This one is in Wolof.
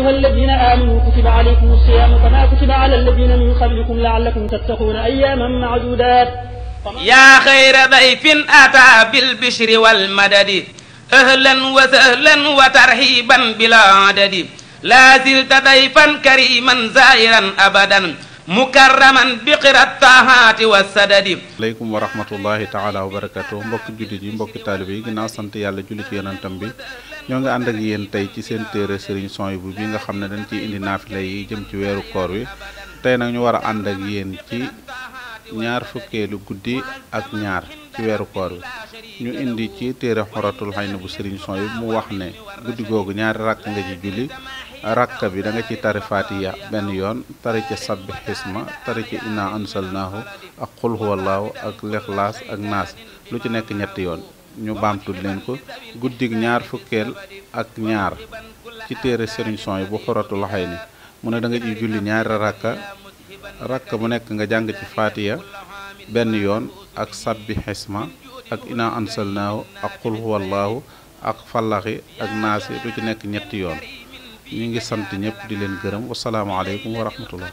أيها الذين آمنوا كتب عليكم الصيام كما كتب على الذين من قبلكم لعلكم تتقون أياما معدودات يا خير ضيف أتى بالبشر والمدد أهلا وسهلا وترحيبا بلا عدد لا زلت ضيفا كريما زائرا أبدا mukarraman bi qirattahaati wa sadadi aleykum wa rahmatullahi taala wa barakatuh mbokki jullit yi mbokki taalibe yi ginnaaw sant yàlla julli ci yonentam bi ñoo ngi ànd ak yéen tey ci seen téere Serigne Souhaibou bi nga xam ne dañ ciy indi naafila yi jëm ci weeru koor wi tey nag ñu war a ànd ak yéen ci ñaar fukkeelu guddi ak ñaar ci weeru koor wi ñu indi ci téere xoratul xayna bu Serigne Souhaibou mu wax ne guddi googu ñaari rakk nga ci julli rakka bi da nga ci tari fatiya benn yoon tari ci sabbi xisma tari ci inna ansalnaahu ak xul huwallaahu ak lexlaas ak naas lu ci nekk ñetti yoon ñu baamtul leen ko guddig ñaar fukkeel ak ñaar ci téere sëriñ son yi bu xoratu loxoy ni mu ne da nga ciy julli ñaari rakka rakka bu nekk nga jàng ci faatiya benn yoon ak sabbi xisma ak ina ansalnaahu ak qul huwallaahu ak fallaxi ak naasi lu ci nekk ñetti yoon ñu ngi sant ñëpp di leen gërëm wasalaamaaleykum wa rahmatullah